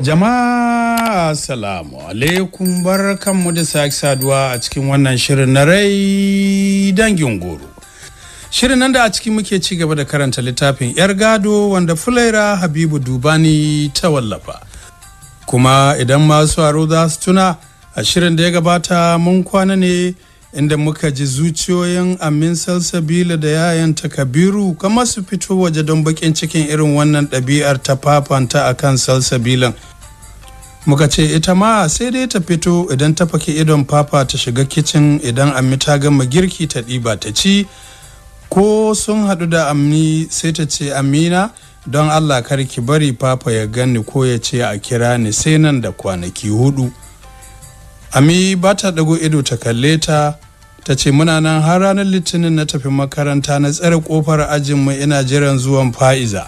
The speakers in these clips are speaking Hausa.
Jama'a Assalamu alaikum barkanmu da sake saduwa a cikin wannan shirin na rai dangin goro. Shirin nan da a ciki muke ci gaba da karanta littafin 'yar gado wanda Fulaira Habibu Dubani ta wallafa. Kuma idan masu aro za su tuna a shirin da ya gabata mun kwana ne inda muka ji zuciyoyin amin salsabila da yayanta kabiru kamar su fito waje don bakin cikin irin wannan ɗabi'ar ta fafanta a kan salsabilan muka ce ita ma sai dai ta fito idan ta faki idon fafa ta shiga kicin idan ammi ta gama girki ta ɗiba ta ci ko sun haɗu da ammi sai ta ce amina don allah kar ki bari fafa ya gani ko ya ce a kira ni sai nan da kwanaki hudu ami ba ta dago ido ta kalle ta ta ce muna nan har ranar litinin na tafi makaranta na tsare kofar ajin ajinmu ina jiran zuwan fa'iza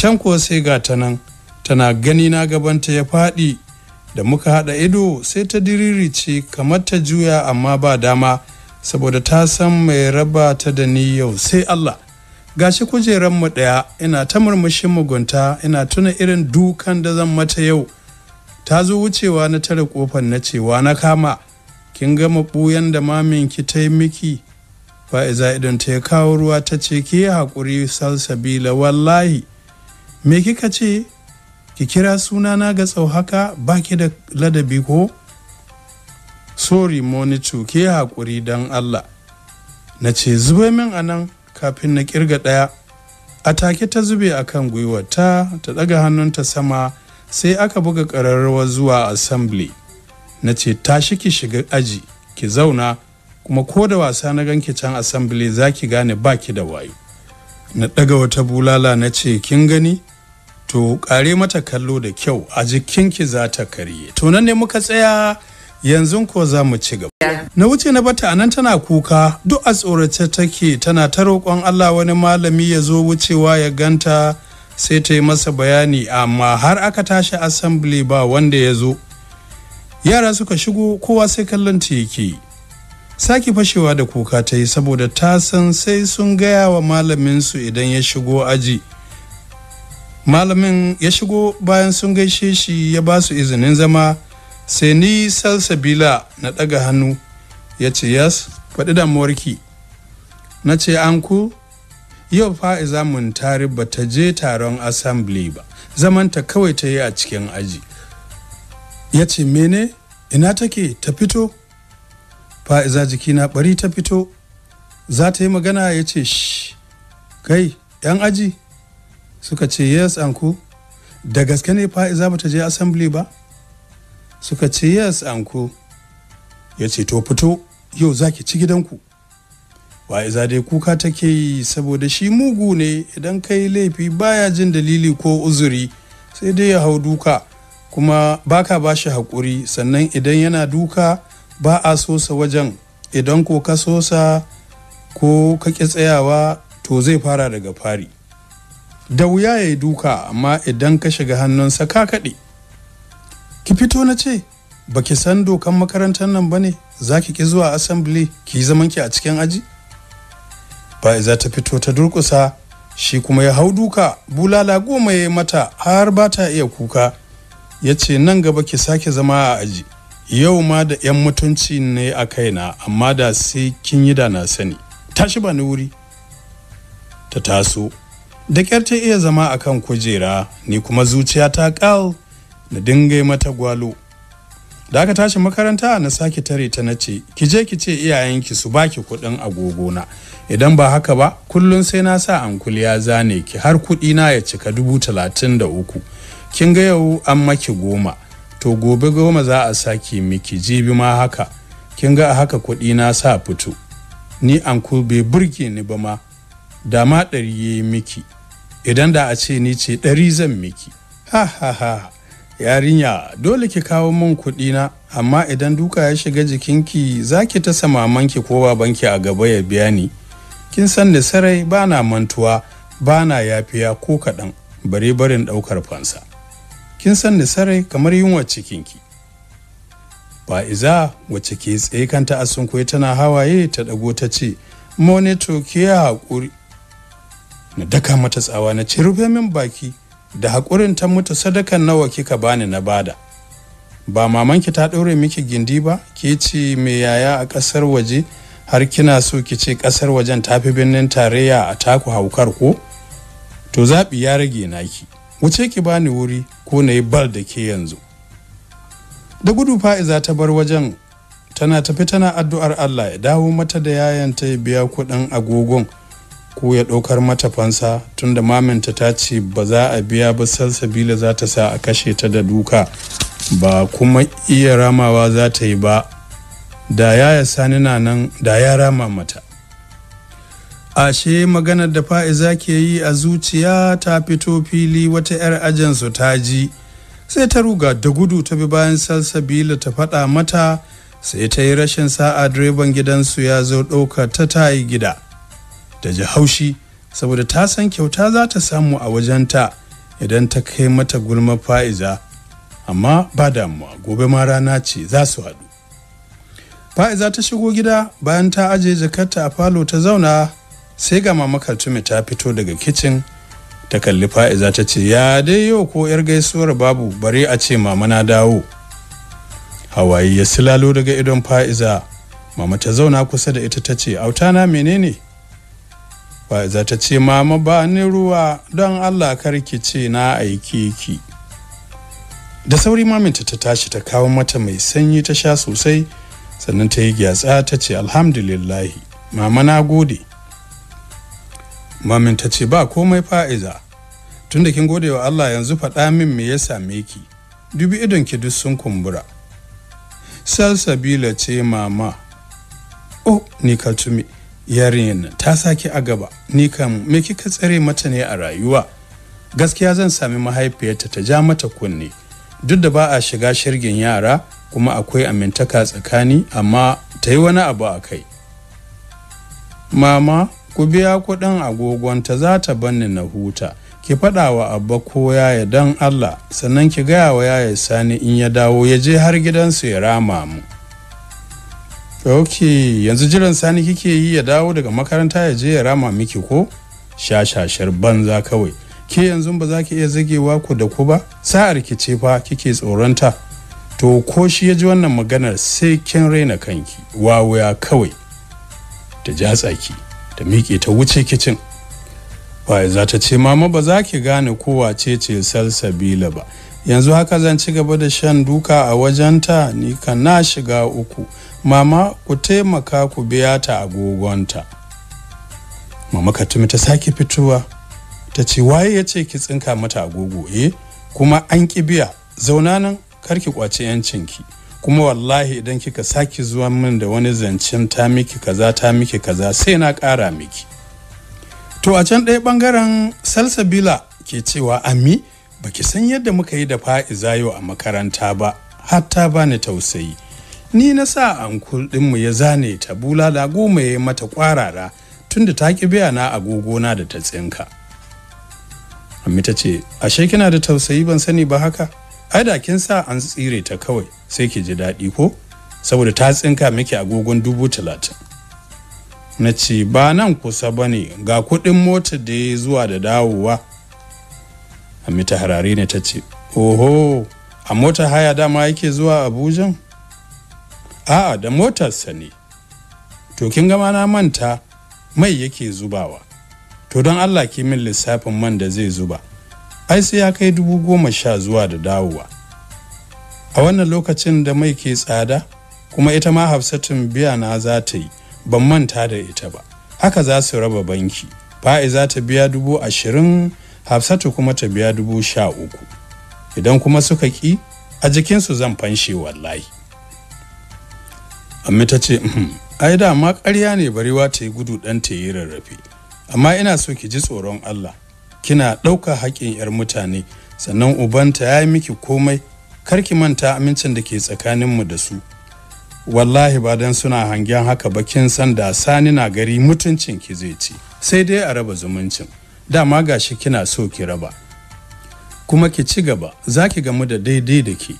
can ko sai ga ta nan tana gani na gabanta ya faɗi da muka haɗa ido sai ta diriri ce kamar ta juya amma ba dama saboda ta san mai raba ta da ni yau sai Allah gashi kujeran mu ɗaya ina ta murmushin mugunta ina tuna irin dukan da zan mata yau ta zo wucewa na tare kofar na cewa na kama kin gama ɓuyan da mamin ki ta yi miki fa'iza idan ta ya kawo ruwa ta ce ke haƙuri salsabila wallahi me kika ce ki kira sunana ga tsauhaka ba ki da ladabi ko sori monitu Ke haƙuri don allah na ce zube min a nan kafin na ƙirga ɗaya a take ta zube a kan gwiwarta ta ɗaga hannunta sama sai aka buga ƙararrawar zuwa assembly na ce tashi ki shiga aji ki zauna kuma ko da wasa na ganki can assembly za ki gane ba ki da wayo na ɗaga wata bulala na ce kin gani to ƙare mata kallo da kyau a jikinki za ta karye to nan ne muka tsaya yanzu ko za mu ci gaba na wuce na bata anan tana kuka duk a tsorace take tana ta roƙon Allah wani malami ya zo wucewa ya ganta sai ta yi masa bayani amma har aka tashi assembly ba wanda ya zo yara suka shigo kowa sai kallon ta yake saki fashewa da kuka ta yi saboda ta san sai sun gaya wa malaminsu idan ya shigo aji malamin ya shigo bayan sun gaishe shi ya ba su izinin zama sai ni salsabila na ɗaga hannu ya ce yas faɗi damuwarki na ce ku. yau fa'iza muntari ba ta je taron assembly ba zamanta kawai ta yi a cikin aji ya ce mene ina take ta fito fa'iza jikina bari ta fito za ta yi magana ya ce shi kai yan aji suka ce yes anku da gaske ne fa'iza ba ta je assembly ba suka ce yes anku ya ce to fito yau za ki ci gidanku wa'iza dai kuka take yi saboda shi mugu ne idan kai laifi baya jin dalili ko uzuri sai dai ya hau duka kuma baka ba shi haƙuri sannan idan yana duka ba a sosa wajen idan ko ka sosa ko ka ƙi tsayawa to zai fara daga fari da wuya ya yi duka amma idan ka shiga hannunsa ka kaɗe ki fito na ce ba ki san dokan makarantar nan ba ne za ki ƙi zuwa assembly ki zaman ki a cikin aji fa'iza ta fito ta durkusa shi kuma ya hau duka bulala goma ya mata har ba ta iya kuka ya ce nan gaba ki sake zama a aji yau ma da 'yan mutunci ne a kaina amma da sai kin yi da na sani tashi ba ni wuri ta taso da ƙyar ta iya zama akan kujera ni kuma zuciya ta ƙal na dinga mata gwalo da aka tashi makaranta na sake tare ta nace, ce ki je ki ce iyayenki su baki kuɗin agogona idan ba haka ba kullum sai na sa ankuli ya zane ki har kuɗi na ya cika dubu talatin da uku kin ga yau an maki goma to gobe goma za a sake miki jibi ma haka kin ga a haka kuɗi na sa fito ni ankul bai burge ni ba ma da ma ɗari ya miki idan da a ce ni ce ɗari zan miki ha ha ha yarinya dole ki kawo min kuɗi na amma idan duka ya shiga jikinki za ki ta samamanki ko banki a gaba ya biya ni kin san da sarai ba na mantuwa ba na yafiya ko kaɗan bare barin ɗaukar fansa kin san da sarai kamar yunwa cikinki fa'iza wacce ke tsaye kanta a sunkuye tana hawaye ta ɗago ta ce monito ya haƙuri na daka mata tsawa na ci rufe min baki da haƙurin ta mutu sadakan nawa kika bani na bada ba mamanki ta ɗaure miki gindi ba ki ce me yaya a ƙasar waje har kina so ki ce ƙasar wajen tafi birnin tarayya a taku haukar ko to zaɓi ya rage naki wuce ki bani wuri ko na yi bal da ke yanzu da gudu fa'iza ta bar wajen tana tafi tana addu'ar allah ya dawo mata da yayanta ya biya kuɗin agogon ko ya ɗaukar mata fansa tunda maminta ta ce ba za a biya ba salsabila za ta sa a kashe ta da duka ba kuma iya ramawa za ta yi ba da ya yaya sani na nan da ya rama mata ashe maganar da fa'iza ke yi a zuciya ta fito fili wata 'yar ajinsu ta ji sai ta ruga da gudu ta bi bayan salsabila ta faɗa mata sai ta yi rashin sa'a direban gidansu ya zo ɗauka ta tayi gida da ji haushi saboda ta san kyauta za ta samu a wajenta idan ta kai mata gulma fa'iza amma ba damuwa gobe ma rana ce za su haɗu fa'iza ta shigo gida bayan ta ajiye jakarta a falo ta zauna sai ga mama tumi ta fito daga kicin ta kalli fa'iza ta ce ya dai yau ko yar gaisuwar babu bari a ce mama na dawo hawaye ya silalo daga idon fa'iza mama ta zauna kusa da ita ta ce autana menene faiza ta ce mama ba ni ruwa don allah karki ce na aike ki da sauri maminta ta tashi ta kawo mata mai sanyi ta sha sosai sannan ta yi gyatsa ta ce alhamdulillahi mama na gode mamin ce ba komai fa'iza tunda kin gode wa allah yanzu faɗa min me ya same ki dubi idon ki duk sun kumbura salsabila ce mama oh ni tumi yarin ta sake a gaba ni kam me kika tsare mata ne a rayuwa gaskiya zan sami mahaifiyarta ta ja mata kunne duk da ba a shiga shirgin yara kuma akwai amintaka tsakani amma ta yi wani abu a kai mama ku biya kuɗin agogonta za ta banni na huta ki faɗa wa abba ko yaya dan allah sannan ki gaya wa yaya sani in ya dawo ya je har gidansu ya rama mu ok yanzu jiran sani kike yi ya dawo daga makaranta ya je ya rama miki ko shashashar banza kawai ke yanzu ba za ki iya zagewa ku da ku ba sa'ar ki ce fa kike tsoronta to ko shi ya ji wannan maganar sai kin raina kanki wawaya kawai ta ja tsaki ta miƙe ta wuce kicin waye za ta ce mama ba za ki gane ko wace ce salsabila ba yanzu haka zan ci gaba da shan duka a wajenta ni ka na shiga uku mama ku taimaka ku biya ta agogonta mama katumi ta sake fitowa ta ce waye ya ce ki tsinka mata agogo eh kuma an ki biya zauna nan kar ki kwace yancinki kuma wallahi idan kika sake zuwa min da wani zancen ta miki kaza ta miki kaza sai na ƙara miki to a can ɗaya ɓangaren salsabila ke cewa ami baki san yadda muka yi da fa'iza yau a makaranta ba hatta bani tausayi ni na sa ankul ɗinmu ya zane ta bulala goma ya mata kwarara tunda ta ki biya na agogona da ta tsinka amma ta ce ashe kina da tausayi ban sani ba haka ai da kin sa an tsire ta kawai sai ki ji daɗi ko saboda ta tsinka miki agogon dubu talatin na ce ba nan kusa ba ne ga kuɗin mota da ya zuwa da dawowa amma ta harare ne ta ce oho a mota haya dama yake zuwa abuja a'a da motarsa ne to kin gama na manta mai yake zubawa to don allah ki min lissafin man da zai zuba ai sai ya kai dubu goma sha zuwa da dawowa a wannan lokacin da mai ke tsada kuma ita ma hafsatun biya na za ta yi ban manta da ita ba haka za su raba banki fa'i za ta biya dubu ashirin hafsatu kuma ta biya dubu sha uku idan kuma suka ƙi a jikinsu zan fanshe wallahi amma ta ce hmm, ai da ma ƙarya ne barewa ta yi gudu ɗan ta yi rarrafe amma ina so ki ji tsoron Allah kina ɗauka haƙƙin 'yar mutane sannan ubanta ya yi miki komai kar ki manta amincin da ke tsakaninmu da su wallahi ba don suna hangen haka ba kin san da sani na gari mutuncin ki zai ci sai dai a raba zumuncin dama gashi kina so ki raba kuma ki ci gaba za ki gamu da daidai da ke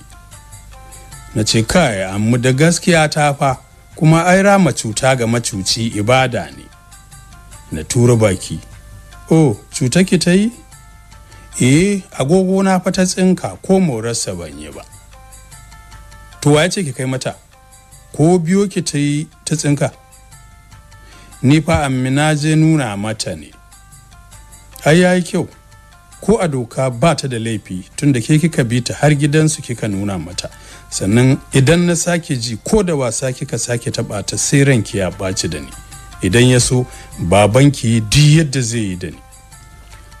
na ce kai amma da gaskiya ta fa kuma ai rama cuta ga macuci ibada ne na tura baki oh cuta ki ta yi eh agogo na fa ta tsinka ko morarsa ban yi ba to waye ce ki kai mata ko biyo ki ta ta tsinka ni fa amina je nuna mata ne ai yayi kyau ko a doka ba ta da laifi tunda ke kika bi ta har gidansu kika nuna mata sannan idan na sake ji ko da wasa kika sake taɓa ta sai ranki ya baci da ni idan ya so babanki duk yadda zai yi da ni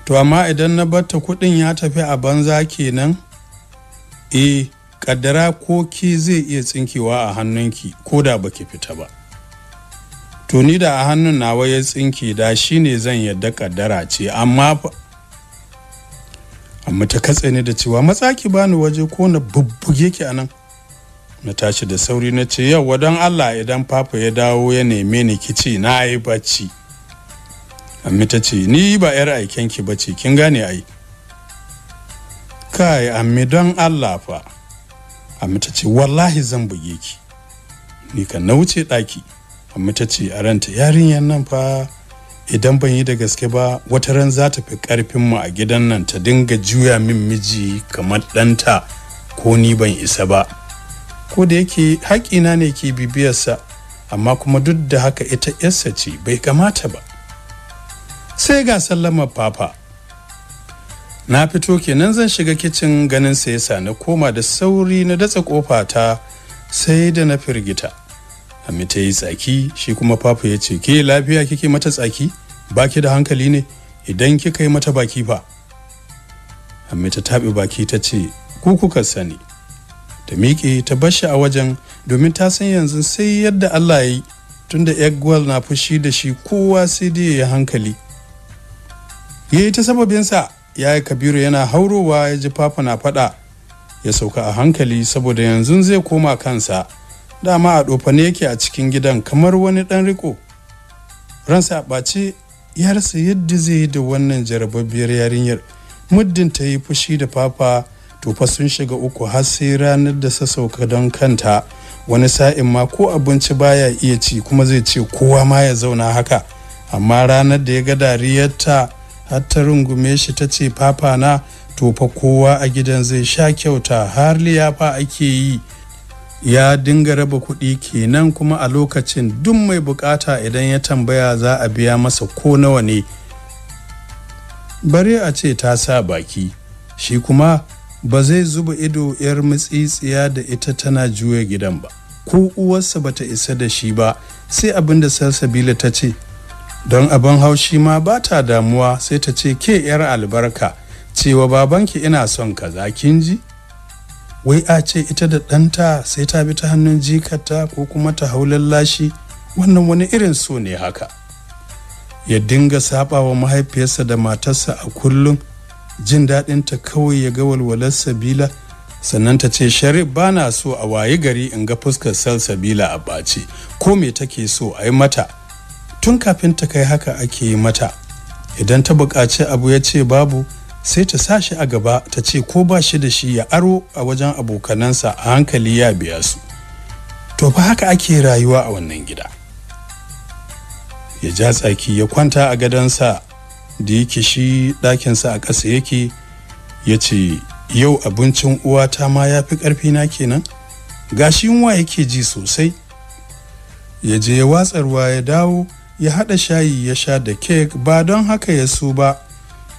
to amma idan na ta kuɗin ya tafi a banza kenan e eh, kaddara ko ke zai iya tsinkewa a hannunki ko da baki fita ba to ni da a hannun nawa ya tsinke da shine zan yadda kaddara ce amma amma ta katse ni da cewa matsaki bani waje ko na bubbuge ki anan na tashi da sauri na ce yau don allah idan papa ya dawo ya neme ni kici na yi bacci ammi ta ce ni ba yar aikenki bacci kin gane ai kai ammi don allah fa amma ta ce wallahi zan buge ki ni kan na wuce ɗaki amma ta ce a ranta yarinyar nan fa idan ban yi da gaske ba wata ran za ta fi ƙarfin mu a gidan nan ta dinga juya min miji kamar ɗanta ko ni ban isa ba ko da yake haƙina ne ke bibiyarsa amma kuma duk da haka ita yarsa ce bai kamata ba sai ga sallamar papa na fito kenan zan shiga kicin ganin sa yasa na koma da sauri na datsa kofa ta sai da na firgita amma ta yi tsaki shi kuma papa ya ce ke lafiya kike mata tsaki baki da hankali ne idan kika yi mata baki fa amma ta taɓi baki ta ce ku kuka sani ta miƙe ta bashi a wajen domin ta san yanzu sai yadda Allah ya yi tunda Eggwell na fushi da shi kowa sai dai ya hankali. Ya yi ta sababinsa ya yi Kabiru yana haurowa ya ji fafa na faɗa ya sauka a hankali saboda yanzu zai koma kansa dama a ɗofane yake a cikin gidan kamar wani ɗan riko. Ransa a ɓace ya rasa yadda zai yi da wannan jarababbiyar yarinyar muddin ta yi fushi da fafa to sun shiga uku har sai ranar da sa sauka don kanta wani sa'in ma ko abinci baya iya ci kuma zai ce kowa ma ya zauna haka amma ranar da ya ga dariyarta har ta rungume shi ta ce papa na Tofa kowa a gidan zai sha kyauta har liyafa ake yi ya dinga raba kuɗi kenan kuma a lokacin duk mai bukata idan ya tambaya za a biya masa ko nawa ne bari a ce ta sa baki shi kuma ba zai zuba ido 'yar mutsitsiya da ita tana juya gidan ba ko uwarsa bata isa da shi ba sai abin da salsabila ta ce don abin haushi ma ba ta damuwa sai ta ce ke 'yar albarka cewa babanki ina son kaza kin ji wai a ce ita da ɗanta sai ta bi ta hannun jikata ko kuma ta hau lallashi wannan wani irin so ne haka ya dinga saɓawa mahaifiyarsa da matarsa a kullum jin daɗin ta kawai ya ga walwalar sabila sannan ta ce sharif ba na so a wayi gari in ga fuskar salsabila a ɓace ko me take so a yi mata tun kafin ta kai haka ake yi mata idan ta buƙaci abu ya ce babu sai ta sa shi a gaba ta ce ko ba shi da shi ya aro a wajen abokanansa a hankali ya biya su to fa haka ake rayuwa a wannan gida ya ja tsaki ya kwanta a sa. da yake shi ɗakinsa a ƙasa yake ya ce yau abincin uwata ma ya fi ƙarfina kenan gashi wa yake ji sosai ya je ya watsarwa ya dawo ya haɗa shayi ya sha da kek ba don haka ya so ba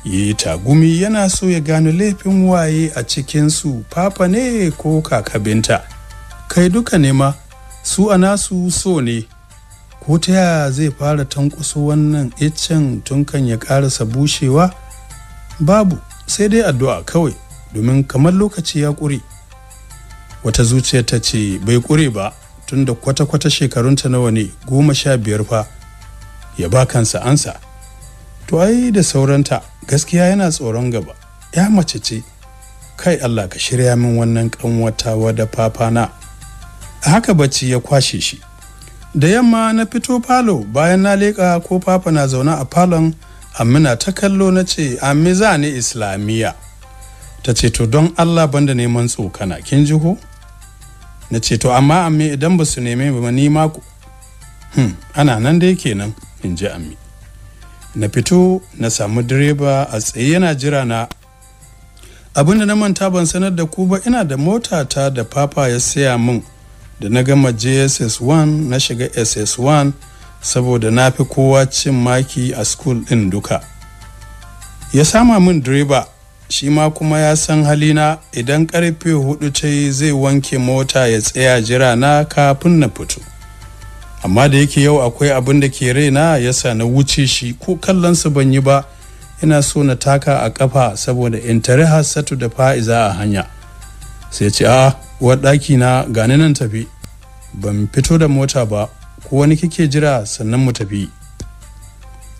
ya yi tagumi yana so ya gano laifin waye a cikinsu papa ne ko Kaka Binta. kai duka ne ma su a nasu so ne ko ta yaya zai fara tankuso wannan iccen tun kan ya karasa bushewa babu sai dai addu'a kawai domin kamar lokaci ya ƙure wata zuciya ta ce bai ƙure ba tun da kwata-kwata shekarunta nawa ne goma sha biyar fa ya ba kansa ansa to ai da sauranta gaskiya yana tsoron gaba ya mace ce kai Allah ka shirya min wannan kanwata wada fafana a haka bacci ya kwashe shi da yamma na fito falo bayan na leƙa ko papa na zaune a falon amina ta kallo na ce ammi za ni islamiyya ta ce to don allah banda neman tsokana kin ji ko na ce to amma ammi idan ba su neme ba ni ma hmm, ana nan dai kenan in ji ammi na fito na samu direba a tsaye yana jira na abinda na manta ban sanar da ku ba ina da mota ta da papa ya saya mun. da na gama jss1 na shiga ss1 saboda na fi kowa cin maki a school din duka ya sama min direba shi ma kuma ya san halina idan karfe hudu ce zai wanke mota ya tsaya jira na kafin na fito amma da yake yau akwai abin da ke raina ya sa na wuce shi ko kallonsa ban yi ba ina so na taka a kafa saboda in tare hassatu da fa'iza a hanya sai ce a uwar ɗaki na gane nan tafi ban fito da mota ba ko wani kike jira sannan mu tafi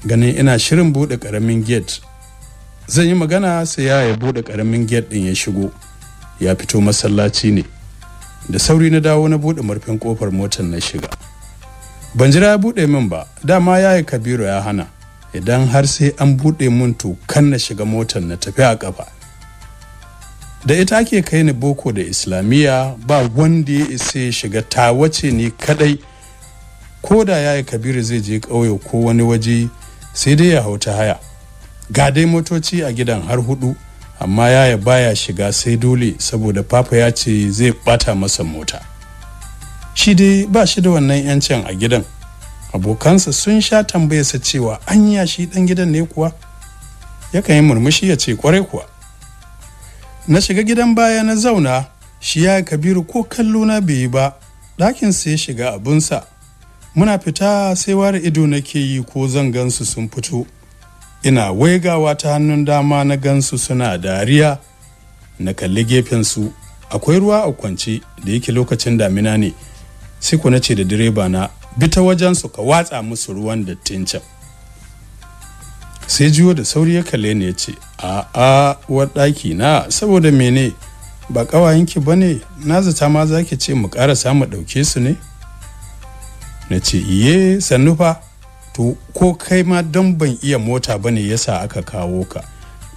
ganin ina shirin buɗe ƙaramin gate zan yi magana sai ya ya buɗe ƙaramin gate ɗin ya shigo ya fito masallaci ne da sauri na dawo na buɗe murfin ƙofar motar na shiga ban jira ya buɗe min ba dama ya yi kabiru ya hana idan har sai an buɗe mun tukan na shiga motar na tafi a ƙafa da ita ake kai ni boko da islamiyya ba wanda ya isa ya shiga ta wace ni kadai ko da ya yi kabiru zai je ƙauye ko wani waje sai dai ya hau ta haya ga dai motoci a gidan har hudu amma ya yaya baya shiga sai dole saboda papa ya ce zai bata masa mota shi dai ba shi da wannan yancin a gidan abokansa sun sha tambayarsa cewa an shi dan gidan ne kuwa yakan yi murmushi ya ce kwarai kuwa na shiga gidan baya na zauna shi ya kabiru ko kallo na bai yi ba ɗakin sai shiga abunsa muna fita sai ware ido nake yi ko zan gansu sun fito ina waigawa ta hannun dama na gansu suna dariya na kalli gefensu akwai ruwa a kwance da yake lokacin damina ne sai ku na ce da direba na Bita ta wajensu ka watsa musu ruwan dattin can sai jiwo da sauri ya kalle ni ya ce a a ɗaki na saboda mene ba ƙawayenki ba ne na zata ma za ki ce mu ƙarasa samu ɗauke su ne na ce iye sannu fa to ko kai ma don ban iya mota ba ne yasa aka kawo ka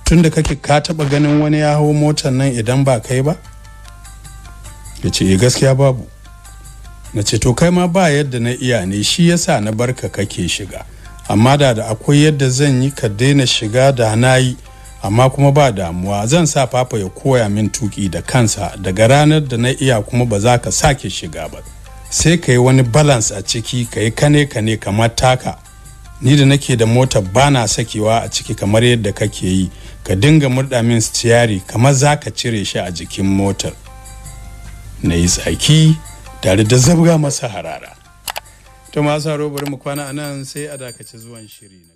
tunda kake ka taɓa ganin wani ya hau motar nan idan ba kai ba ya ce eh, gaskiya babu na ce to kai ma ba yadda na iya ne shi yasa na barka kake shiga amma da da akwai yadda zan yi ka daina shiga da na yi amma kuma ba damuwa zan sa papa ya koya min tuki da kansa daga ranar da na iya kuma ba za ka sake shiga ba sai ka yi wani balance a ciki ka yi kane kane kamar taka ni da nake da mota ba na sakewa a ciki kamar yadda kake yi ka dinga murda min stiyari kamar za ka cire shi a jikin motar na yi tsaki tare da zabga masa harara to masu haro bari mu kwana anan sai a dakace zuwan shiri na